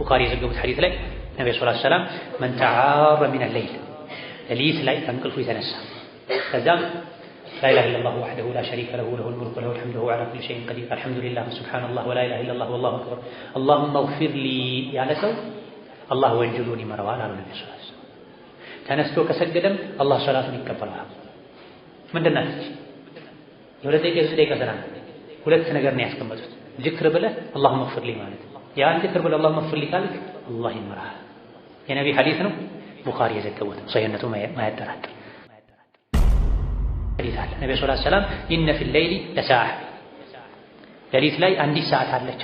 ቡኻሪ የዘገቡት ሐዲስ ላይ ነቢ ስ ሰላም መን ተዓረ ሚን ሌይል ሌሊት ላይ ከእንቅልፉ የተነሳ ከዛም ላኢላሃ ኢለላሁ ወሕደሁ ላ ሸሪከ ለሁ ለሁል ሙልኩ ወለሁል ሐምዱ ወሁወ ዐላ ኩሊ ሸይኢን ቀዲር አልሐምዱሊላህ ወሱብሓነላህ ወላኢላሃ ኢለላህ ወላሁ አክበር አላሁመ እግፊር ሊ ያለ ሰው አላህ ወንጀሉን ይመረዋል አሉ ነቢ ስ ተነስቶ ከሰገደም አላህ ሰላቱን ይቀበለዋል። ምንድን ናት እቺ? የሁለት ደቂቃ የሶስት ደቂቃ ሰላት ሁለት ነገር ነው ያስቀመጡት። ዚክር ብለህ አላሁመ እግፊር ሊ ማለት ያን ዝክር ብለ አላህ መፍር ሊካልክ አላህ ይምራህ። የነቢ ሐዲስ ነው፣ ቡኻሪ የዘገቡት ሰውነቱ ማያጠራጥር ሐዲስ አለ። ነቢ ሰለላሁ ዐለይሂ ወሰለም ኢነ ፊል ለይሊ ለሰዓ ሌሊት ላይ አንዲት ሰዓት አለች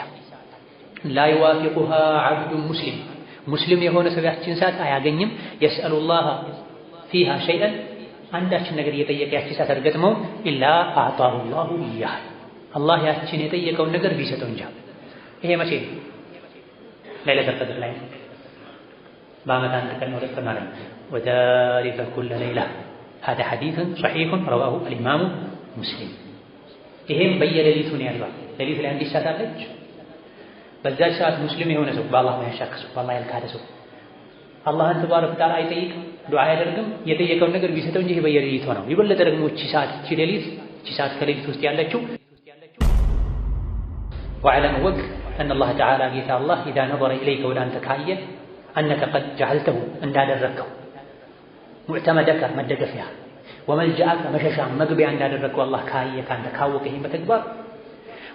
ላ ይዋፊቁሃ ዓብዱ ሙስሊም ሙስሊም የሆነ ሰው ያችን ሰዓት አያገኝም። የስአሉላህ ፊሃ ሸይአን አንዳችን ነገር እየጠየቀ ያችን ሰዓት አልገጥመው ኢላ አዕጣሁ ላሁ ኢያህ አላህ ያችን የጠየቀውን ነገር ቢሰጠው እንጂ ይሄ መቼ ነው? ليلة القدر ليلة بامتان تكن ورد فمانا وذلك كل ليلة هذا حديث صحيح رواه الإمام مسلم إهم بيّ لليتون يا رواه لليت لأن دي الشاتة قلتش بزاج شاعت مسلم يهون سوك بالله ما يشاك سوك بالله يلقى هذا سوك الله تبارك وتعالى يتيك دعاء يرقم يتيك ونقر بيسته ونجه بيّ لليتون يقول لترقم وچسات چلليت چسات كليت وستيان لكو وعلى وقت أن الله تعالى ጌታ አላህ إذا نظر إليك ወደ አንተ ካየ أنك قد جعلته እንዳደረግከው ሙዕተመደከ መደገፊያ ወመልጃአከ መሸሻ መግቢያ እንዳደረግከው አላህ ካየ ካንተ ካወቀ ይህን በተግባር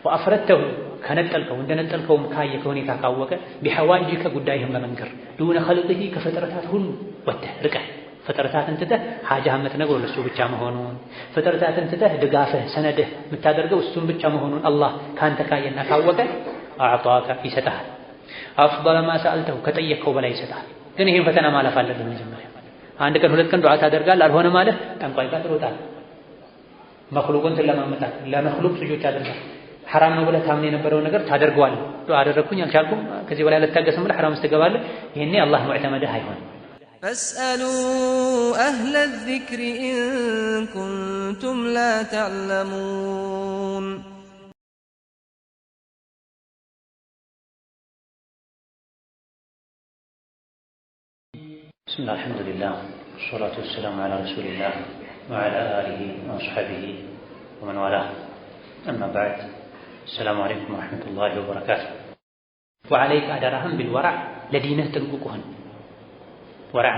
ወአፍረተሁ ከነጠልከው እንደነጠልከውም ካየ ከሁኔታ ካወቀ ቢሐዋጅከ ጉዳይህን በመንገር ዱነ ኸልቅህ ከፍጥረታት ሁሉ ወጥተህ ርቀህ ፍጥረታትን ትተህ ሐጃህን የምትነግረው ለእሱ ብቻ መሆኑን ፍጥረታትን ትተህ ድጋፍህ ሰነድህ የምታደርገው እሱን ብቻ መሆኑን አላህ ካንተ ካየና ካወቀ አዕጣከ ይሰጥሃል። አፍበለ ማ ሰአልተሁ ከጠየቅከው በላይ ይሰጥሃል። ግን ይህን ፈተና ማለፍ አለብህ መጀመሪያ። አንድ ቀን ሁለት ቀን ዱዓ ታደርጋለህ፣ አልሆነ ማለህ ጠንቋይ ጋር ትሮጣለህ። መክሉቅን ትለማመጣለህ። ለመክሉቅ ስጆች አደርጋል ሐራም ነው ብለህ ታምን የነበረውን ነገር ታደርገዋለህ። ዱዓ አደረግኩኝ አልቻልኩም፣ ከዚህ በላይ አልታገስም ብለህ ሐራም ውስጥ ትገባለህ። ይሄኔ አላህ ሙዕተመድህ አይሆንም። ፈስአሉ አህለ ዚክሪ ኢን ኩንቱም ላ ተዕለሙን بسم الله الحمد لله والصلاة والسلام على رسول الله وعلى آله وأصحابه ومن والاه أما بعد السلام عليكم ورحمة الله وبركاته وعليك أدرهم بالورع لدينا تنقوكهن ورع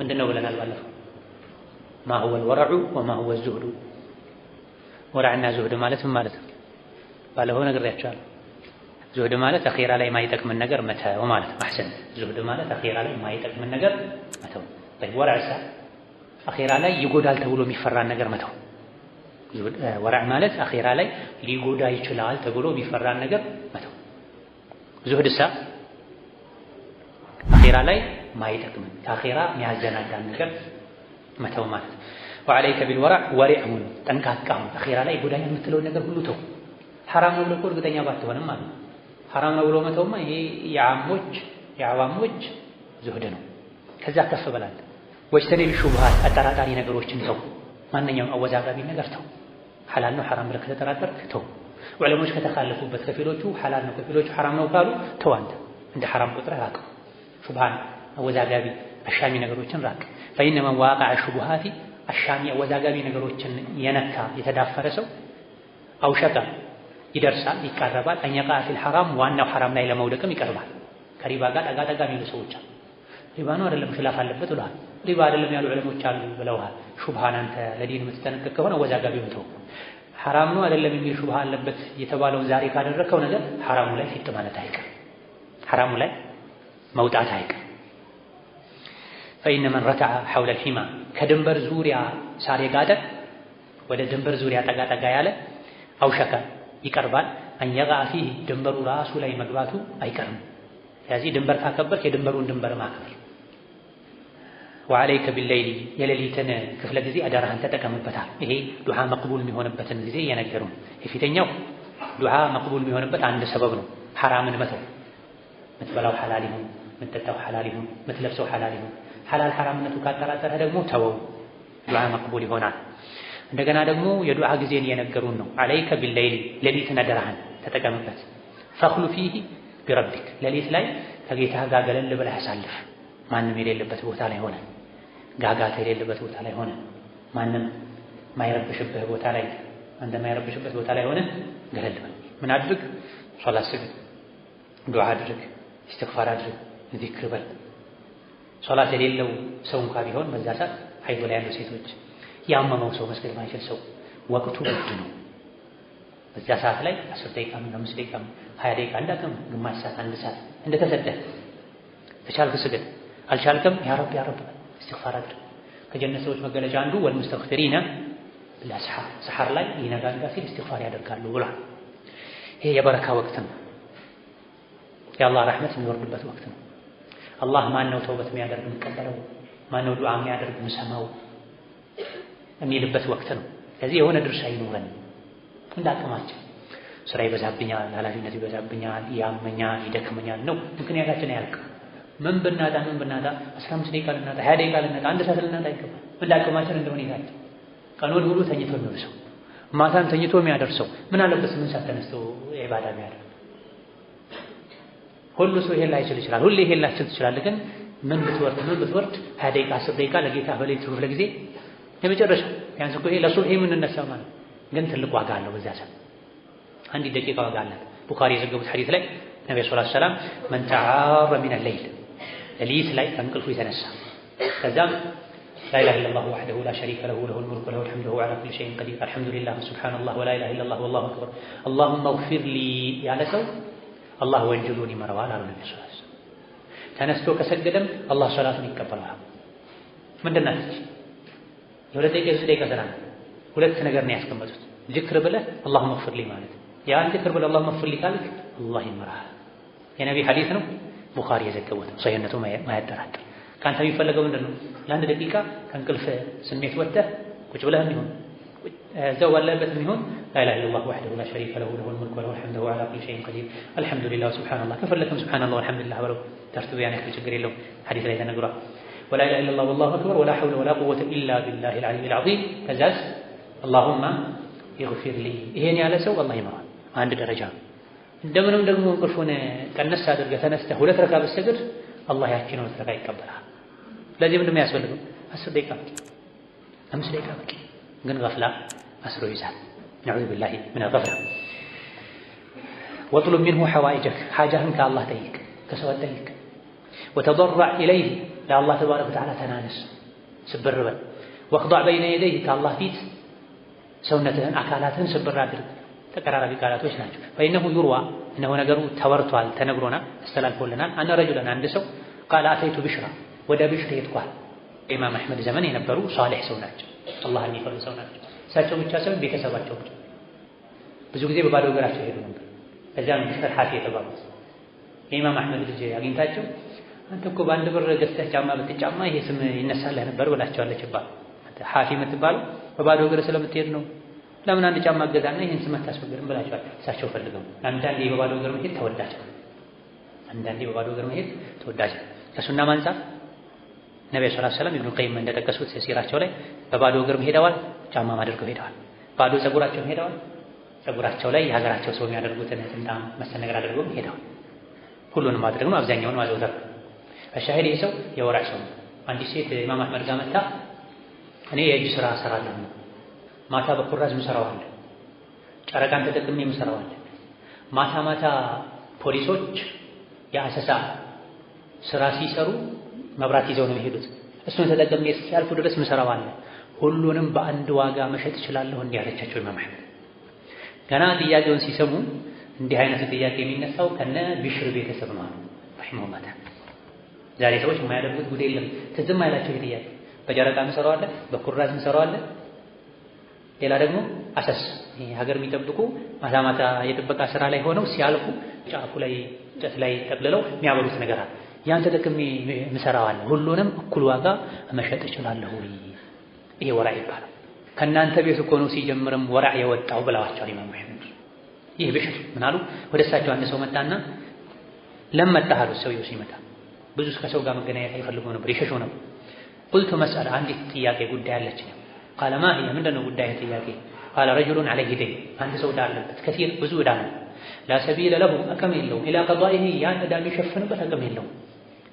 من دنو لنا الوالف ما هو الورع وما هو الزهد ወራዕና ዙህድ ማለት ምን ማለት ነው ባለፈው ነግሬያችኋለሁ ዙህድ ማለት አኼራ ላይ የማይጠቅምን ነገር መተው ማለት ነው። አሕሰን ዙህድ ማለት አኼራ ላይ የማይጠቅምን ነገር መተው። ጠይብ ወራዕ ሳ አኼራ ላይ ይጎዳል ተብሎ የሚፈራን ነገር መተው። ወራዕ ማለት አኼራ ላይ ሊጎዳ ይችላል ተብሎ የሚፈራን ነገር መተው። ዙህድ ሳ አኼራ ላይ የማይጠቅምን ከአኼራ የሚያዘናጋን ነገር መተው ማለት ነው። ወዐለይከ ቢልወራዕ ወሬዕ ሁን፣ ጠንቃቃ ሁን። አኼራ ላይ ጎዳኛ የምትለውን ነገር ሁሉ ተው። ሐራም ነው ብለህ እኮ እርግጠኛ ባትሆንም ማለት ነው ሐራም ነው ብሎ መተውማ ይሄ የዓሞች የዓዋሞች ዝሁድ ነው። ከዛ ከፍ በላል ተኔ ሹብሃት አጠራጣሪ ነገሮችን ተው። ማንኛውም አወዛጋቢ ነገር ተው። ሐላል ነው ሐራም ብለህ ከተጠራጠርክ ተው። ዑለሞች ከተካለፉበት ከፊሎቹ ሐላል ነው ከፊሎቹ ሐራም ነው ካሉ ተው። አንተ እንደ ሐራም ቁጥረህ ራቅ። ሹብሃን አወዛጋቢ አሻሚ ነገሮችን ራቅ። ፈኢነ መን ዋቀዐ ሹብሃቲ አሻሚ አወዛጋቢ ነገሮችን የነካ የተዳፈረ ሰው አውሸቃ ይደርሳል፣ ይቃረባል። አኛቃፊል ሐራም ዋናው ሐራም ላይ ለመውደቅም ይቀርባል። ከሪባ ጋር ጠጋ ጠጋ የሚሉ ሰዎች አሉ። ሪባ ነው አይደለም ኺላፍ አለበት ብለዋል። ሪባ አይደለም ያሉ ዕለሞች አሉ ብለዋል። ሹብሃን አንተ ለዲን የምትጠነቀቅ ከሆነ ወዛጋቢ ብትሆን ሐራም ነው አይደለም የሚል ሹብሃ አለበት የተባለውን ዛሬ ካደረከው ነገር ሐራሙ ላይ ፊት ማለት አይቀር፣ ሐራሙ ላይ መውጣት አይቀር። ፈኢነ መን ረተዐ ሐውለ ልሒማ ከድንበር ዙሪያ ሳር የጋጠ ወደ ድንበር ዙሪያ ጠጋ ጠጋ ያለ አውሸከ ይቀርባል። አንየቃ ፊህ ድንበሩ ራሱ ላይ መግባቱ አይቀርም። ስለዚህ ድንበር ካከበርክ የድንበሩን ድንበር ማክበር። ወዐለይከ ቢለይሊ የሌሊትን ክፍለ ጊዜ አደራህን ተጠቀምበታል። ይሄ ዱዓ መቅቡል የሚሆንበትን ጊዜ እየነገሩን። የፊተኛው ዱዓ መቅቡል የሚሆንበት አንድ ሰበብ ነው፣ ሐራምን መተው። የምትበላው ሐላል ይሁን፣ የምትጠጣው ሐላል ይሁን፣ የምትለብሰው ሐላል ይሁን። ሐላል ሐራምነቱ ካጠራጠረህ ደግሞ ተወው፣ ዱዓ መቅቡል ይሆናል። እንደገና ደግሞ የዱዓ ጊዜን እየነገሩን ነው። አለይከ ቢለይል ሌሊት ነደርሃን ተጠቀምበት። ፈኽሉ ፊህ ቢረቢክ ሌሊት ላይ ከጌታ ጋር ገለል ብለህ ያሳልፍ። ማንም የሌለበት ቦታ ላይ ሆነ፣ ጋጋታ የሌለበት ቦታ ላይ ሆነ፣ ማንም ማይረብሽበት ቦታ ላይ አንተ ማይረብሽበት ቦታ ላይ ሆነ ገለል በል። ምን አድርግ? ሶላት ስግድ፣ ዱዓ አድርግ፣ እስትግፋር አድርግ፣ ዚክር በል። ሶላት የሌለው ሰው እንኳ ቢሆን በዛ ሰዓት ሀይድ ላይ ያሉ ሴቶች ያመመው ሰው መስገድ ማይችል ሰው ወቅቱ ውድ ነው። በዚያ ሰዓት ላይ አስር ደቂቃ ምን አምስት ደቂቃ ሀያ ደቂቃ እንዳቅም ግማሽ ሰዓት አንድ ሰዓት እንደተሰደህ ተቻልክ ስገድ፣ አልቻልክም ያ ረብ ያ ረብ እስትግፋር አድርግ። ከጀነት ሰዎች መገለጫ አንዱ ወልሙስተግፊሪነ ለሰሐር ሰሐር ላይ ይነጋጋ ሲል እስትግፋር ያደርጋሉ ብሏል። ይሄ የበረካ ወቅት ነው። የአላህ ረሕመት የሚወርድበት ወቅት ነው። አላህ ማን ነው ተውበት የሚያደርግ የሚቀበለው? ማን ነው ዱዓ የሚያደርግ የሚሰማው? የሚልበት ወቅት ነው። ስለዚህ የሆነ ድርሻ ይኑረን እንዳቅማችን። ስራ ይበዛብኛል፣ ኃላፊነት ይበዛብኛል፣ ያመኛል፣ ይደክመኛል ነው ምክንያታችን ያልቅ ምን ብናጣ ምን ብናጣ 15 ደቂቃ ልናጣ፣ ሀያ ደቂቃ ልናጣ፣ አንድ ሰዓት ልናጣ ይገባል። እንዳቅማችን እንደሆነ ይላል። ቀኑን ሙሉ ተኝቶ የሚውል ማታን ተኝቶ የሚያደርሰው ምን አለበት ስምንት ሰዓት ተነስቶ ኢባዳ የሚያደርግ ሁሉ ሰው ይሄን ላይችል ይችላል። ሁሌ ይሄን ላይችል ትችላለህ። ግን ምን ብትወርድ ምን ብትወርድ ሀያ ደቂቃ አስር ደቂቃ ለጌታ በሌሊቱ ክፍለ ጊዜ የመጨረሻ ቢያንስ እኮ ይሄ ለሱብሒ የምንነሳው ማለት ግን ትልቅ ዋጋ አለው። በዚያ ሰዓት አንድ ደቂቃ ዋጋ አላት። ቡኻሪ የዘገቡት ሐዲስ ላይ ነብዩ ሰለላሁ ዐለይሂ ወሰለም መን ተዓረ ሚን አለይል ሌሊት ላይ ከእንቅልፉ የተነሳ ከዛም لا إله إلا الله وحده لا شريك له له الملك وله الحمد وهو على كل شيء قدير الحمد لله سبحان الله ولا إله إلا الله والله أكبر اللهم اغفر لي ያለ ሰው አላህ ወንጀሉን ይመረዋል አሉ ነብዩ ሰለላሁ ዐለይሂ ወሰለም ተነስቶ ከሰገደም አላህ ሰላቱን ይቀበለዋል ምንድን ናት ለሁለተኛ ስደቂቃ ሰላም ሁለት ነገር ነው ያስቀመጡት። ዚክር ብለህ አላሁመ ግፊርሊ ማለት ያን ዚክር ብለህ አላሁመ ግፊርሊ ካልክ አላህ ይምራሃል። የነቢ ሐዲስ ነው፣ ቡኻሪ የዘገቡት ነው። ሰሂህነቱ ማያጠራጥር። ከአንተ የሚፈለገው ምንድን ነው? ለአንድ ደቂቃ ከእንቅልፍ ስሜት ወጥተህ ቁጭ ብለህ የሚሆን እዛው ባለህበት የሚሆን ላኢላሃ ኢለላህ ወሕደሁ ላ ሸሪከ ለሁ ለሁል ሙልኩ ወለሁል ሐምዱ ወዐላ ኩሊ ሸይኢን ቀዲር አልሐምዱሊላህ ወሱብሓነላህ ከፈለክም ሱብሓነላህ ወልሐምዱሊላህ በለው። ተርቲቡ ያን ያክል ችግር የለውም። ሐዲስ ላይ ተነግሯል። ولا إله إلا الله والله أكبر ولا حول ولا قوة إلا بالله العلي العظيم كزاس اللهم يغفر لي هي على سوء الله يمران ما عند درجة عندما نمدل من قرفون كالنسا درجة نستا هل تركا بالسجر الله يحكينا وتركا يكبرها لازم عندما يسوى لكم أسر ديكا بك قن غفلة أسر يزال نعوذ بالله من الغفلة واطلب منه حوائجك حاجة منك الله تيك كسوى تيك وتضرع إليه ለአላህ ተባረከ ወተዓላ ተናነስ፣ ስብር በል። ወክዷዕ በይነ የደይህ ከአላህ ፊት ሰውነትህን አካላትህን ስብር አድርግ። ተቀራራቢ ቃላቶች ናቸው። ፈኢነሁ ዩርዋ እነሆ ነገሩ ተወርቷል፣ ተነግሮናል፣ አስተላልፎልናል። አነ ረጁለን አንድ ሰው ቃል አተይቱ ብሽራ ወደ ብሽር ሄድኳል። ኢማም አሕመድ ዘመን የነበሩ ሷሊሕ ሰው ናቸው፣ አላህ የሚፈሩ ሰው ናቸው። እሳቸው ብቻ ሳይሆን ቤተሰባቸው ብዙ ጊዜ በባዶ እግራቸው ሄዱ ነበር። ከዚያም ብሽር ሐፊ የተባሉት የኢማም አሕመድ ልጅ አግኝታቸው አንተ እኮ በአንድ ብር ገዝተህ ጫማ ብትጫማ ይሄ ስም ይነሳልህ ነበር ብላቸዋለች። ይባል ሐፊ የምትባለው በባዶ እግር ስለምትሄድ ነው። ለምን አንድ ጫማ እገዛና ይሄን ስም አታስወግድም ብላቸዋል። እሳቸው ፈልገው አንዳንዴ በባዶ እግር መሄድ ተወዳጅ ነው። አንዳንዴ በባዶ እግር መሄድ ተወዳጅ ከሱና ማንጻ ነቢ ሰለላሁ ዐለይሂ ወሰለም ኢብኑ ቀይም እንደጠቀሱት ሲራቸው ላይ በባዶ እግርም ሄደዋል፣ ጫማም አድርገው ሄደዋል። ባዶ ጸጉራቸውም ሄደዋል። ጸጉራቸው ላይ የሀገራቸው ሰው የሚያደርጉትን ጥምጣም መሰል ነገር አድርገውም ሄደዋል። ሁሉንም ማድረግ ነው አብዛኛውን ማዘውተር አሻሂድ ሰው የወራጭ ሰው አንዲት ሴት ኢማም አህመድ ጋር መጣ። እኔ የእጅ ስራ እሰራለሁ፣ ማታ በኩራዝ ምሰራዋለሁ፣ ጨረቃን ተጠቅሜ ምሰራዋለሁ። ማታ ማታ ፖሊሶች የአሰሳ ስራ ሲሰሩ መብራት ይዘው ነው የሚሄዱት። እሱን ተጠቅሜ እስኪያልፉ ድረስ ምሰራዋለሁ። ሁሉንም በአንድ ዋጋ መሸጥ እችላለሁ እንዲያለቻቸው ኢማም አህመድ ገና ጥያቄውን ሲሰሙ እንዲህ አይነቱ ጥያቄ የሚነሳው ከነ ቢሽር ቤተሰብ ነው አሉ ረሂመሁላህ። ዛሬ ሰዎች የማያደርጉት ጉድ የለም። ትዝም አይላቸው ይሄ ጥያቄ። በጨረቃ እንሰራዋለን፣ በኩራዝ እንሰራዋለን። ሌላ ደግሞ አሰስ ሀገር የሚጠብቁ ማታ ማታ የጥበቃ ስራ ላይ ሆነው ሲያልፉ ጫፉ ላይ እንጨት ላይ ጠቅልለው የሚያበሩት ነገር አለ። ያን ተጠቅሜ ምሰራዋለሁ፣ ሁሉንም እኩል ዋጋ መሸጥ እችላለሁ። ይሄ ወራ ይባላል። ከእናንተ ቤት እኮ ነው ሲጀምርም ወራ የወጣው ብለዋቸዋል ኢማሙ አሕመድ። ይህ ብሽር ምናሉ ወደ እሳቸው አንድ ሰው መጣና ለምን መጣህ አሉት። ሰውየው ሲመጣ ብዙ ከሰው ጋር መገናኘት አይፈልጉ ነበር፣ ይሸሹ ነበር። ቁልቱ መስአል አንዲት ጥያቄ ጉዳይ አለች። ቃለ ማ ሂየ ምንድነው ጉዳይ ጥያቄ? ቃለ ረጅሉን ዐለይሂ ደይን አንድ ሰው ዕዳ አለበት፣ ከሲር ብዙ ዕዳ ነው። ላ ሰቢለ ለሁ አቅም የለውም፣ ኢላ ቀዷኢሂ ያን ዕዳ የሚሸፍንበት አቅም የለውም።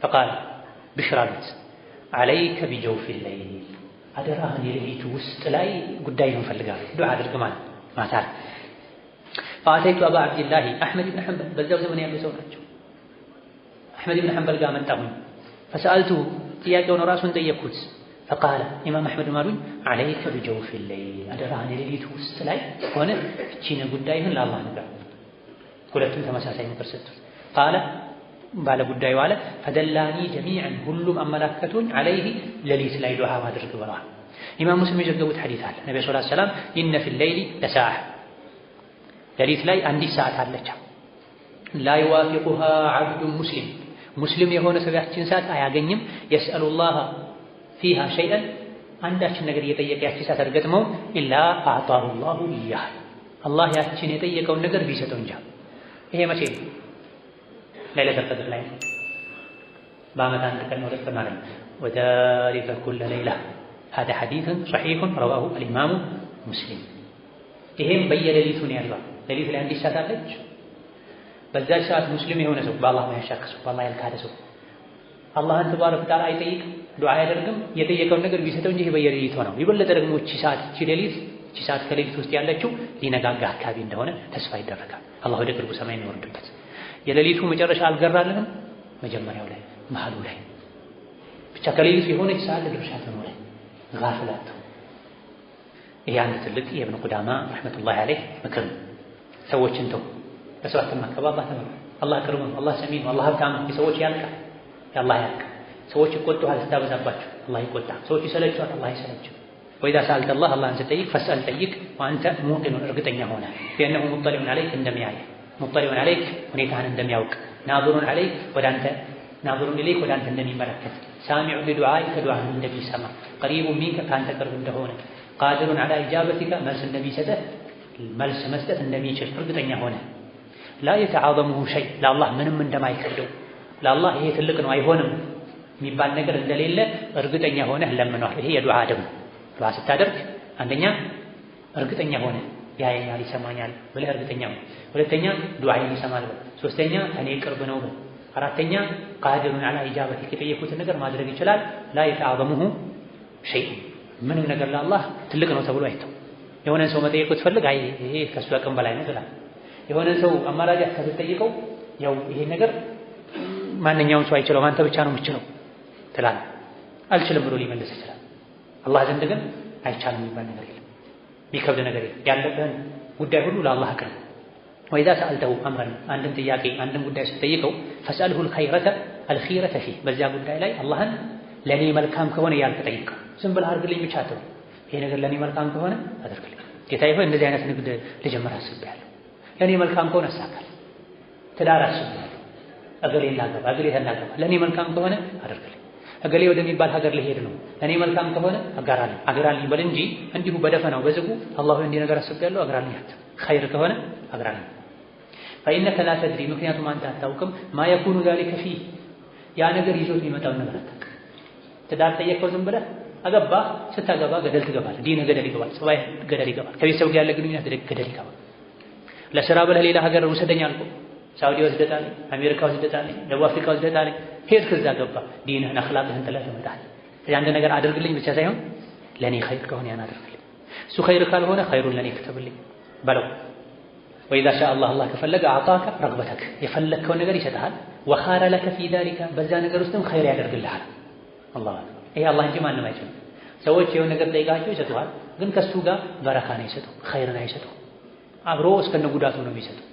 ፈቃለ ብሽር ዐለይከ ቢጀውፊል ለይል አደራህን የሌሊቱ ውስጥ ላይ ጉዳይ እንፈልጋለን፣ ዱዓ አድርግ ማለት ማታ። ፈአተይቱ አባ ዐብድላሂ አሕመድ ብን ሐንበል በዚያው ዘመን ያሉ ሰው ናቸው አሕመድ ብን ሐንበል ጋር መጣሁኝ። ፈሰአልቱሁ ጥያቄውን ራሱን ጠየቅኩት። ፈቃለ ኢማም አሕመድ ማሉኝ ዓለይከ ቢጀውፍ ሌይል አደራህን የሌሊቱ ውስጥ ላይ ሆነ እቺነ ጉዳይህን ለአላህ ንገር። ሁለቱም ተመሳሳይ ምክር ሰጡት። ቃለ ባለ ጉዳዩ አለ ፈደላኒ ጀሚዐን ሁሉም አመላከቱኝ ዓለይህ ሌሊት ላይ ዱዓ ማድረግ ብለዋል። ኢማም ሙስሊም የዘገቡት ሐዲት አለ ነቢ ስ ሰላም ኢነ ፊ ሌይሊ ለሰዓ ሌሊት ላይ አንዲት ሰዓት አለቻ ላ ዓብዱን ሙስሊም ሙስሊም የሆነ ስጋችን ሰዓት አያገኝም። የስአሉላህ ፊሃ ሸይአን አንዳችን ነገር እየጠየቀ ያቺ ሰዓት አልገጥመው ኢላ አዕጣሁላሁ ኢያህ አላህ ያችን የጠየቀውን ነገር ቢሰጠው እንጂ። ይሄ መቼ ነው? ለይለቱል ቀድር ላይ ነው። በዓመት አንድ ቀን ነው ለቀና ነው። ወዛሊከ ኩለ ለይላ هذا حديث صحيح رواه الإمام مسلم ይሄም በየሌሊቱ ነው ያለው። ሌሊት ላይ አንዲት ሰዓት አለች። በዛች ሰዓት ሙስሊም የሆነ ሰው በአላህ ማያሻክ ሰው በአላህ ያልካደ ሰው አላህን ተባረክ ተዓላ አይጠይቅም፣ ዱዓ አያደርግም። የጠየቀውን ነገር ቢሰጠው እንጂ በየሌሊቱ ነው። ይበለጠ ደግሞ እቺ ሰዓት እቺ ሌሊት እቺ ሰዓት ከሌሊት ውስጥ ያለችው ሊነጋጋ አካባቢ እንደሆነ ተስፋ ይደረጋል። አላህ ወደ ቅርቡ ሰማይ የሚወርድበት የሌሊቱ መጨረሻ አልገራልንም፣ መጀመሪያው ላይ መሀሉ ላይ ብቻ ከሌሊቱ የሆነች ሰዓት ለድርሻት ነው ላይ ጋፍላት ይሄ አንድ ትልቅ የኢብኑ ቁዳማ ረህመቱላሂ አለይህ ምክር ነው። ሰዎችን ተው በሰው አትመከብ፣ አላህ ተመከብ። አላህ ቅርብ ነው፣ አላህ ሰሚ ነው፣ አላህ ሀብታም ነው። የሰዎች ያልቃል፣ የአላህ ያልቃል። ሰዎች ይቆጡሃል ስታበዛባቸው፣ አላህ ይቆጣ። ሰዎች ይሰለችዋል፣ አላህ ይሰለችው። ወኢዛ ሰአልተ አላህ አላህን ስጠይቅ ፈስአል ጠይቅ፣ ወአንተ ሙቂኑን እርግጠኛ ሆነ ቢአነሁ ሙጠሊዑን ዐለይክ እንደሚያየ ሙጠሊዑን ዐለይክ ሁኔታህን እንደሚያውቅ ናዙሩን ዐለይክ ወደ አንተ ናዙሩን ኢለይክ ወደ እንደሚመለከት ሳሚዑ ሊዱዓኢከ ዱዓህን እንደሚሰማ ቀሪቡን ሚንከ ከአንተ ቅርብ እንደሆነ ቃድሩን ዐላ ኢጃበቲከ መልስ እንደሚሰጠህ መልስ መስጠት እንደሚችል እርግጠኛ ሆነ ላ የተዓዘሙሁ ሸይ ለአላህ ምንም እንደማይከብደው ለአላህ ይሄ ትልቅ ነው አይሆንም የሚባል ነገር እንደሌለ እርግጠኛ ሆነህ ለምኗል። ይሄ የዱዓ አደብ ዱዓ ስታደርግ አንደኛ እርግጠኛ ሆነ ያየኛል፣ ይሰማኛል ብለህ እርግጠኛ ሆነ። ሁለተኛ ዱዓዬን ይሰማል በል። ሶስተኛ ከኔ ቅርብ ነው በል። አራተኛ ቃድሩን አላ ኢጃበት የጠየኩትን ነገር ማድረግ ይችላል። ላ የተዓዘሙሁ ሸይ ምንም ነገር ለአላህ ትልቅ ነው ተብሎ አይተው የሆነን ሰው መጠየቁ ትፈልግ አይ ይሄ ከሱ አቅም በላይ ነው ትላለህ የሆነ ሰው አማላጅ ስትጠይቀው ያው ይሄ ነገር ማንኛውም ሰው አይችለው አንተ ብቻ ነው የምችለው ትላል። አልችልም ብሎ ሊመልስ ይችላል። አላህ ዘንድ ግን አይቻልም የሚባል ነገር የለም፣ የሚከብድ ነገር የለም። ያለብህን ጉዳይ ሁሉ ለአላህ አቅርብ። ወይዛ ሰአልተው አምረን አንድን ጥያቄ አንድን ጉዳይ ስትጠይቀው ፈስአልሁ አልኸይረተ አልኸይረተ ፊህ በዚያ ጉዳይ ላይ አላህን ለኔ መልካም ከሆነ ያልክ ዝም ብለህ አድርግልኝ ብቻ ተው፣ ይሄ ነገር ለኔ መልካም ከሆነ አድርግልኝ ጌታዬ ሆይ እንደዚህ አይነት ንግድ ልጀምር አስቤያለሁ ለእኔ መልካም ከሆነ አሳካል ትዳር አስቤያለሁ እገሌ ላገባ እገሌ ተናገባ ለእኔ መልካም ከሆነ አደርግልኝ እገሌ ወደሚባል ሀገር ልሄድ ነው ለእኔ መልካም ከሆነ አጋራለሁ አግራልኝ በል እንጂ እንዲሁ በደፈናው በዝጉ አላሁ እንዲህ ነገር አስቤያለሁ አግራልኝ አትም ኸይር ከሆነ አግራልኝ ፈኢነከ ላ ተድሪ ምክንያቱም አንተ አታውቅም ማ የኩኑ ዛሊከ ፊህ ያ ነገር ይዞት የሚመጣውን ነገር አታውቅም ትዳር ጠየቀው ዝም ብለህ አገባ ስታገባ ገደል ትገባል ዲን ገደል ይገባል ጸባይ ገደል ይገባል ከቤተሰብ ጋር ያለ ግንኙነት ገደል ይገባል ለስራ ብለህ ሌላ ሀገር ውሰደኝ አልኩ። ሳውዲ ወስደታል፣ አሜሪካ ወስደታል፣ ደቡብ አፍሪካ ወስደታል። ሄድክ፣ እዛ ገባ፣ ዲንህን አኽላቅህን ጥለህ ትመጣለህ። ስለዚህ አንድ ነገር አድርግልኝ ብቻ ሳይሆን ለእኔ ኸይር ከሆነ ያን አድርግልኝ፣ እሱ ኸይር ካልሆነ ኸይሩን ለእኔ ክተብልኝ በለው። ወኢዛ ሻ አላህ አላህ ከፈለገ አጣከ ረግበተክ የፈለግከውን ነገር ይሰጥሃል። ወኻረ ለከ ፊ ዛሊከ በዛ ነገር ውስጥም ኸይር ያደርግልሃል። አላህ ይሄ አላህ እንጂ ማንም አይችልም። ሰዎች የሆነ ነገር ጠይቃቸው ይሰጡሃል፣ ግን ከእሱ ጋር በረካን አይሰጡ ኸይርን አይሰጡ አብሮ እስከነ ጉዳቱ ነው የሚሰጠው።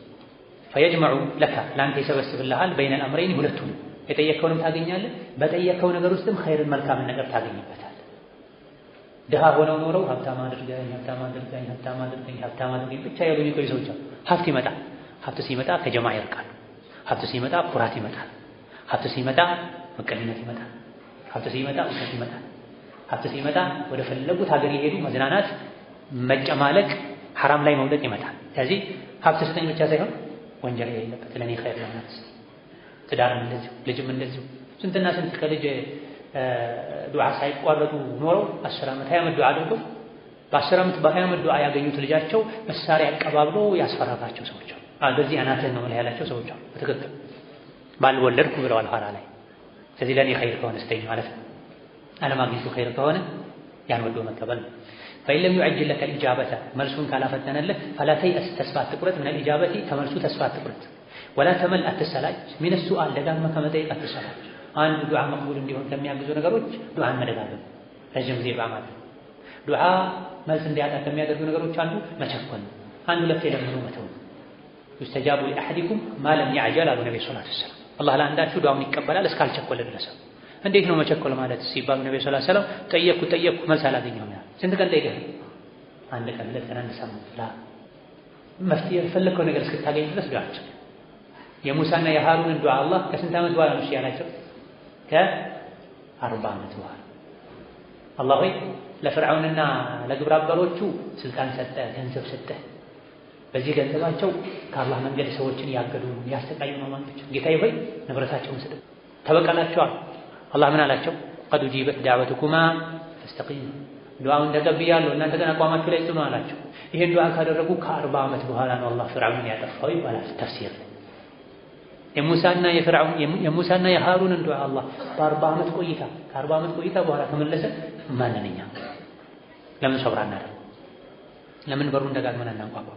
ፈየጅመዑ ለካ ለአንተ ይሰበስብልሃል በይነል አምረይን ሁለቱም የጠየከውንም ታገኛለህ፣ በጠየከው ነገር ውስጥም ኸይርን መልካምን ነገር ታገኝበታል። ድሃ ሆነው ኖረው ሀብታም አድርገኝ ሀብታም አድርገኝ ሀብታም አድርገኝ ሀብታም አድርገኝ ብቻ ያሉ የሚቆዩ ሰዎች አሉ። ሀብት ይመጣ ሀብት ሲመጣ ከጀማ ይርቃሉ። ሀብት ሲመጣ ኩራት ይመጣል። ሀብት ሲመጣ መቀንነት ይመጣል። ሀብት ሲመጣ ውሸት ይመጣል። ሀብት ሲመጣ ወደ ፈለጉት ሀገር የሄዱ መዝናናት፣ መጨማለቅ፣ ሐራም ላይ መውደቅ ይመጣል። ስለዚህ ሀብት ስጠኝ ብቻ ሳይሆን ወንጀል የሌለበት ለእኔ ኸይር ለሆነ ትዳርም እንደዚሁ ልጅም እንደዚሁ ስንትና ስንት ከልጅ ዱዓ ሳይቋረጡ ኖረው አስር ዓመት ሀያ ዓመት ዱዓ አድርገው በአስር ዓመት በሀያ ዓመት ዱዓ ያገኙት ልጃቸው መሳሪያ አቀባብሎ ያስፈራራቸው ሰዎች አሉ። በዚህ አናትህን ነው ያላቸው ሰዎች አሉ። በትክክል ባልወለድኩ ብለዋል ኋላ ላይ። ስለዚህ ለእኔ ኸይር ከሆነ ስጠኝ ማለት ነው። አለማግኘቱ ኸይር ከሆነ ያን ወዶ መቀበል ነው። ፈኢለም ዩዐጅል ለከ ልኢጃበተ መልሱን ካላፈጠነልህ ፈላ ተይአስ ተስፋ አትቁረጥ፣ ምን ልኢጃበቲ ከመልሱ ተስፋ አትቁረጥ። ወላ ተመል አትሰላጭ፣ ሚነ ሱአል ደጋግመ ከመጠየቅ አትሰላጭ። አንዱ ዱዓ መቅቡል እንዲሆን ከሚያግዙ ነገሮች ዱዓን መደጋገም ረዥም ጊዜ ዱዓ ማለት ዱዓ መልስ እንዲያጣ ከሚያደርጉ ነገሮች አንዱ መቸኮል፣ አንዱ ሁለት የለምኑ መተው። ዩስተጃቡ ሊአሐዲኩም ማለም ያዕጀል አሉ ነቢ ሰለላሁ ዐለይሂ አላህ ለአንዳችሁ ዱዓውን ይቀበላል እስካልቸኮለ ድረስ እንዴት ነው መቸኮል ማለት ሲባል ነቢ ሰለላሁ ዐለይሂ ወሰለም ጠየቅኩ ጠየቅኩ መልስ አላገኘሁም ያ ስንት ቀን ጠይቀህ? አንድ ቀን፣ ሁለት አንድ ሳምንት ብላ መፍትሄ የፈለግከው ነገር እስክታገኝ ድረስ ዱዓቸው የሙሳና የሃሩንን ዱዓ አላህ ከስንት ዓመት በኋላ ነው ያላቸው? ከአርባ ዓመት በኋላ አላህ ሆይ ለፍርዓውንና ለግብረ አበሮቹ ስልጣን ሰጠ፣ ገንዘብ ሰጠ። በዚህ ገንዘባቸው ከአላህ መንገድ ሰዎችን ያገዱ ያስተቃዩ ነው ማለት ነው። ጌታዬ ሆይ ንብረታቸውን ስጥ ተበቀላቸዋል። አላህ ምን አላቸው? ቀድ ኡጂበት ዳዕወቱኩማ ፈስተቂሙ ዱዓውን ተቀብያለሁ እናንተ ግን አቋማችሁ ላይ ጽኑ አላቸው። ይሄን ዱዓ ካደረጉ ከአርባ ዓመት በኋላ ነው አላህ ፍርዓውንን ያጠፋው ይባላል ተፍሲር። የሙሳና የፍርዓውን የሙሳና የሃሩንን ዱዓ አላህ በአርባ ዓመት ቆይታ ከአርባ ዓመት ቆይታ በኋላ ከመለሰ ማንነኛ ለምን ሰብራ እናደርግ? ለምን በሩን ደጋግመን እናንኳኳ?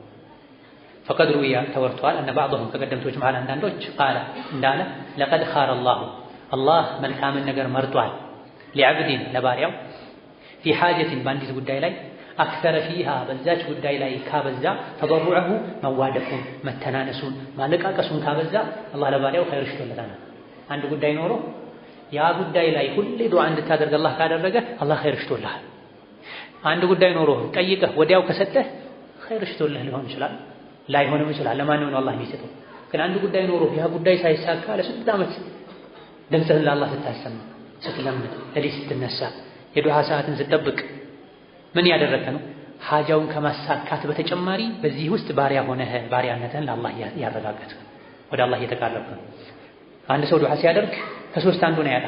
ፈቀድ ሩያ ተወርቷል። እነ ባዕضهم ከቀደምቶች መሃል አንዳንዶች ቃለ እንዳለ ለቀድ ኻረ አላሁ አላህ መልካምን ነገር መርጧል። ሊዐብድን ለባሪያው ፊ ሓጀትን በአንዲት ጉዳይ ላይ አክተረ ፊሃ በዛች ጉዳይ ላይ ካበዛ ተበሩዐሁ መዋደቁን መተናነሱን ማለቃቀሱን ካበዛ አላህ ለባሪያው ኸይር ሽቶለታል። አንድ ጉዳይ ኖሮ ያ ጉዳይ ላይ ሁሌ ዱዓ እንድታደርግ አላህ ካደረገ አላህ ኸይር ሽቶልሃል። አንድ ጉዳይ ኖሮ ጠይቀህ ወዲያው ከሰጠህ ኸይር ሽቶልህ ሊሆን ይችላል፣ ላይሆንም ይችላል። ለማንም ነው አላህ የሚሰጠው። ግን አንድ ጉዳይ ኖሮ ያ ጉዳይ ሳይሳካ ለስንት ዓመት ድምፅህን ለአላህ ስታሰማ፣ ስትለምድ፣ ሌሊት ስትነሳ፣ የዱሃ ሰዓትን ስትጠብቅ ምን ያደረከ ነው? ሐጃውን ከማሳካት በተጨማሪ በዚህ ውስጥ ባሪያ ሆነህ ባሪያነትህን ለአላህ ያረጋገጥህ ወደ አላህ እየተቃረብህ ነው። አንድ ሰው ዱዓ ሲያደርግ ከሶስት አንዱን ያጣ።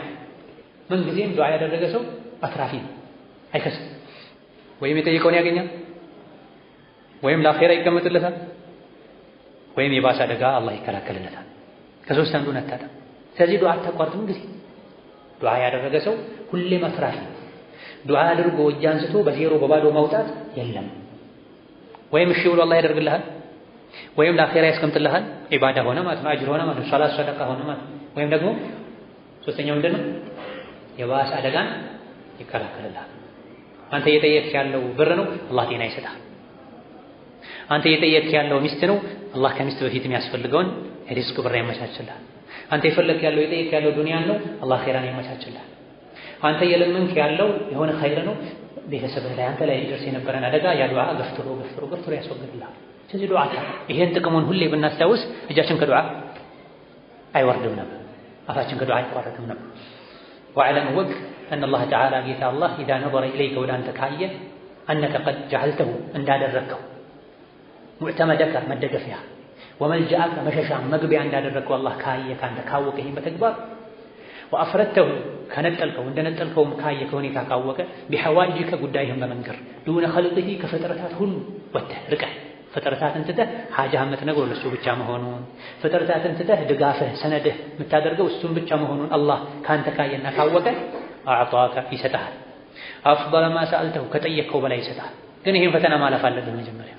ምን ጊዜም ዱዓ ያደረገ ሰው አትራፊ ነው፣ አይከስም። ወይም የጠየቀውን ያገኛል፣ ወይም ለአኼራ ይቀመጥለታል፣ ወይም የባሰ አደጋ አላህ ይከላከልለታል። ከሶስት አንዱን አታጣም። ስለዚህ ዱዓ አታቋርጥም። እንግዲህ ዱዓ ያደረገ ሰው ሁሌ መፍራት ነው። ዱዓ አድርጎ እጅ አንስቶ በዜሮ በባዶ ማውጣት የለም። ወይም እሺ ብሎ አላህ ያደርግልሃል፣ ወይም ለአኼራ ያስቀምጥልሃል። ኢባዳ ሆነ ማለት ነው፣ አጅር ሆነ ማለት ነው፣ ሶላት ሰደቃ ሆነ ማለት ነው። ወይም ደግሞ ሶስተኛው ምንድን ነው? የባስ አደጋን ይከላከልልሃል። አንተ እየጠየቅህ ያለው ብር ነው፣ አላህ ጤና ይሰጣል። አንተ እየጠየቅህ ያለው ሚስት ነው፣ አላህ ከሚስት በፊት የሚያስፈልገውን ሪዝቅ ብር ያመቻችልሃል። አንተ የፈለክ ያለው የጠየቅ ያለው ዱንያ ነው። አላህ ኸይራን ያመቻችልሃል። አንተ የለመንክ ያለው የሆነ ኸይር ነው። ቤተሰብህ ላይ አንተ ላይ ሊደርስ የነበረን አደጋ ያ ዱዓ ገፍትሮ ገፍትሮ ገፍትሮ ያስወግድልሃል። ስለዚህ ዱዓ ይሄን ጥቅሙን ሁሌ ብናስታውስ እጃችን ከዱዓ አይወርድም ነበር፣ አፋችን ከዱዓ አይቋረጥም ነበር። ወአለም ወቅ አን አላህ ተዓላ ጌታ አላህ ኢዛ ነበረ ኢለይከ ወደ አንተ ካየ አነከ ቀድ ጀዐልተሁ እንዳደረግከው ሙዕተመደከ መደገፊያ ወመልጃአከ መሸሻ መግቢያ እንዳደረገው አላህ ካየ ካንተ ካወቀ ይህን በተግባር ወአፍረተሁ ከነጠልከው እንደነጠልከውም ካየ ከሁኔታ ካወቀ ቢሐዋጅከ ጉዳይህን በመንገር ዱነ ኸልቅህ ከፍጥረታት ሁሉ ወጥተህ ርቀህ ፍጥረታትን ትተህ ሐጃህን የምትነግረው ለእሱ ብቻ መሆኑን ፍጥረታትን ትተህ ድጋፍህ ሰነድህ የምታደርገው እሱን ብቻ መሆኑን አላህ ካንተ ካየና ካወቀ አዕጣከ ይሰጥሃል። አፍበለ ማ ሰአልተሁ ከጠየቅከው በላይ ይሰጥሃል። ግን ይህን ፈተና ማለፍ አለብህ መጀመሪያ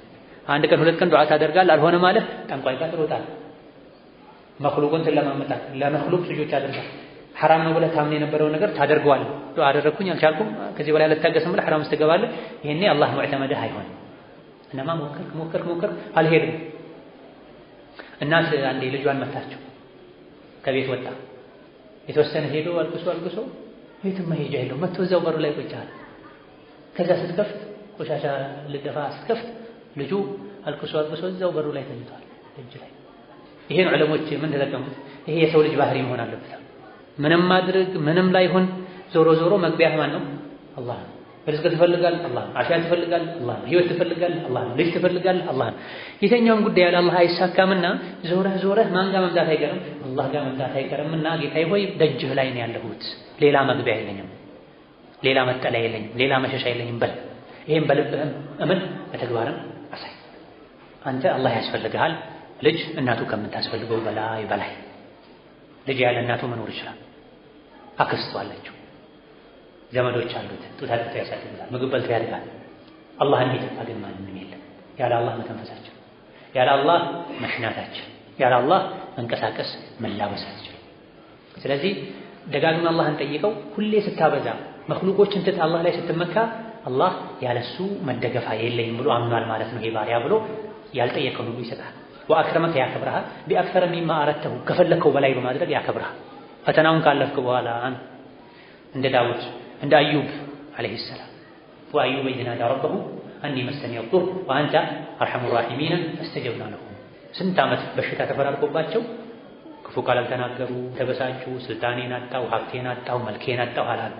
አንድ ቀን ሁለት ቀን ዱዓ ታደርጋል፣ አልሆነ ማለት ጠንቋይ ጋር ትሮጣል። መክሉቁን ትለማመጣል። ለመክሉቅ ልጆች አደርጋል። ሐራም ነው ብለህ ታምን የነበረውን ነገር ታደርገዋለህ። ዱዓ አደረግኩኝ አልቻልኩም፣ ከዚህ በላይ አልታገስም ብለህ ሐራም ውስጥ ትገባለህ። ይሄኔ አላህ ሙዕተመድህ አይሆንም። እነማ ሞከርክ ሞከርክ ሞከርክ አልሄድም። እናት አንዴ ልጇን መታቸው፣ ከቤት ወጣ። የተወሰነ ሄዶ አልቅሶ አልቅሶ የትም መሄጃ የለውም መጥቶ እዛው በሩ ላይ ቁጭ አለ። ከዛ ስትከፍት ቆሻሻ ልደፋ ስትከፍት ልጁ አልቅሶ አልቅሶ እዛው በሩ ላይ ተኝቷል፣ እጅ ላይ። ይሄን ዕለሞች ምን ተጠቀሙት? ይሄ የሰው ልጅ ባህሪ መሆን አለበት። ምንም ማድረግ ምንም ላይ ላይሆን፣ ዞሮ ዞሮ መግቢያ ማን ነው? አላህ ነው። ርዝቅ ትፈልጋለህ፣ አላህ ነው። አሻ ትፈልጋለህ፣ አላህ ነው። ህይወት ትፈልጋለህ፣ አላህ ነው። ልጅ ትፈልጋለህ፣ አላህ ነው። የተኛውም ጉዳይ ያለ አላህ አይሳካምና ዞረህ ዞረህ ማን ጋር መምጣት አይቀርም? አላህ ጋር መምጣት አይቀርምና ጌታዬ ሆይ ደጅህ ላይ ነው ያለሁት፣ ሌላ መግቢያ የለኝም፣ ሌላ መጠለያ የለኝም፣ ሌላ መሸሻ የለኝም በል። ይሄን በልብህም እመን በተግባርም አንተ አላህ ያስፈልግሃል። ልጅ እናቱ ከምታስፈልገው በላይ በላይ ልጅ ያለ እናቱ መኖር ይችላል። አክስቱ አለችው፣ ዘመዶች አሉት፣ ጡት አጥቶ ያሳድጋል፣ ምግብ በልቶ ያድጋል። አላህ እንዴት አገን ማንም የለም ያለ አላህ መተንፈሳችን፣ ያለ አላህ መሽናታችን፣ ያለ አላህ መንቀሳቀስ መላበሳችን። ስለዚህ ደጋግመህ አላህን ጠይቀው። ሁሌ ስታበዛ መክሉቆችን ትተህ አላህ ላይ ስትመካ አላህ ያለሱ መደገፋ የለኝም ብሎ አምኗል ማለት ነው። ይሄ ባሪያ ብሎ ያልጠየቀውን ሁሉ ይሰጣል። ወአክረመከ ያከብርሃል። ቢአክሰረ ሚማ አረተሁ ከፈለከው በላይ በማድረግ ያከብርሃል። ፈተናውን ካለፍክ በኋላ እንደ ዳውድ እንደ አዩብ አለይሂ ሰላም ወአዩብ ኢዝ ናዳ ረበሁ አኒ መሰኒየ ዱር ወአንተ አርሐሙ ራሒሚን አስተጀብና ለሁ። ስንት ዓመት በሽታ ተፈራርቆባቸው ክፉ ቃል አልተናገሩ፣ ተበሳጩ። ስልጣኔን አጣሁ፣ ሀብቴን አጣሁ፣ መልኬን አጣሁ አላሉ።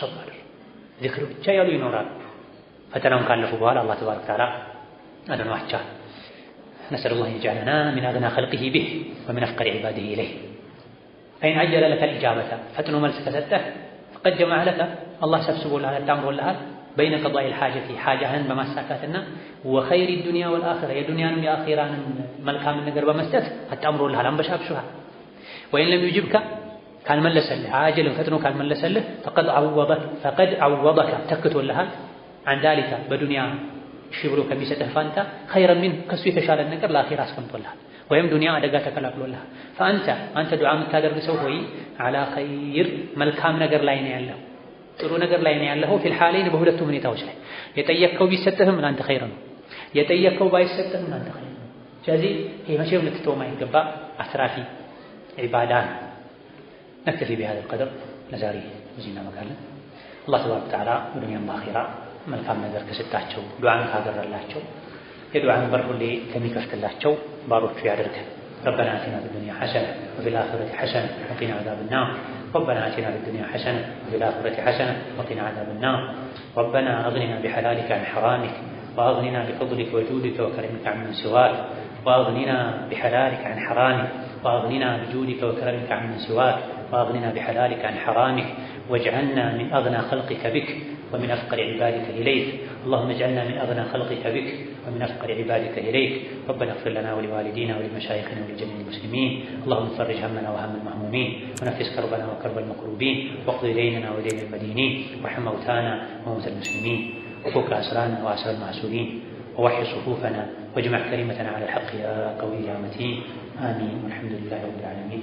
ሰብር ዚክር ብቻ ያሉ ይኖራሉ። ፈተናውን ካለፉ በኋላ አላህ ተባረከ ተዓላ አድኗቸዋል። ነስአሉላህ የጀዐለና ሚን አግና ኸልቂሂ ቢህ ወሚን አፍቀሪ ዒባዲሂ ኢለይህ ፈኢን ዐጀለ ለከ ልኢጃበተ ፈጥኖ መልስ ከሰጠህ ፈቀድ ጀመዐ ለከ አላህ ሰብስቦልሃል፣ አጣምሮልሃል በይነ ቀዷኢል ሓጀቲ ሓጃህን በማሳካትና ወኸይሪ ዱንያ ወልአኺራ የዱንያንም የአኺራንም መልካምን ነገር በመስጠት አጣምሮልሃል፣ አንበሻብሽሃል ወይን ለም ዩጅብካ ካልመለሰልህ አጀልን ፈጥኖ ካልመለሰልህ ፈቀድ አወበክ ፈቀድ አወበከ ተክቶልሃል አን ዛሊካ በዱንያ እሺ ብሎ ከሚሰጥህ ፋንታ ኸይረ ሚን ከሱ የተሻለ ነገር ለአኺራ አስቀምጦልሃል ወይም ዱንያ አደጋ ተከላክሎልሃል ፈአንተ አንተ ዱዓ የምታደርግ ሰው ሆይ አላ ኸይር መልካም ነገር ላይ ነው ያለው ጥሩ ነገር ላይ ነው ያለው ፊል ሐለይን በሁለቱም ሁኔታዎች ላይ የጠየቅከው ቢሰጥህም ላንተ ኸይር ነው የጠየቅከው ባይሰጥህም ላንተ ኸይር ነው ስለዚህ ይሄ መቼም ልትተወው የማይገባ አትራፊ ዒባዳ ነው نكتفي بهذا القدر الله ለዛሬ እዚህ እናመጋለን አላህ ተባረከ ወተዓላ በዱንያም በአኺራ መልካም يدعى ከሰጣቸው بره اللي የዱዓን በር ሁሌ باروك في عدرك ربنا آتنا في الدنيا حسنة وفي الآخرة حسنة وقنا عذاب النار ربنا آتنا في الدنيا حسنة وفي الآخرة حسنة وقنا عذاب النار ربنا أغننا بحلالك عن حرامك وأغننا بفضلك وجودك وكرمك عمن سواك وأغننا بحلالك عن حرامك وأغننا بجودك وكرمك عمن سواك وأغننا بحلالك عن حرامك واجعلنا من أغنى خلقك بك ومن أفقر عبادك إليك اللهم اجعلنا من أغنى خلقك بك ومن أفقر عبادك إليك ربنا اغفر لنا ولوالدينا ولمشايخنا ولجميع المسلمين اللهم فرج همنا وهم المهمومين ونفس كربنا وكرب المكروبين واقض ديننا ودين المدينين وارحم موتانا وموتى المسلمين وفك أسرانا وأسر المعسورين ووحي صفوفنا واجمع كلمتنا على الحق يا قوي يا متين آمين والحمد لله رب العالمين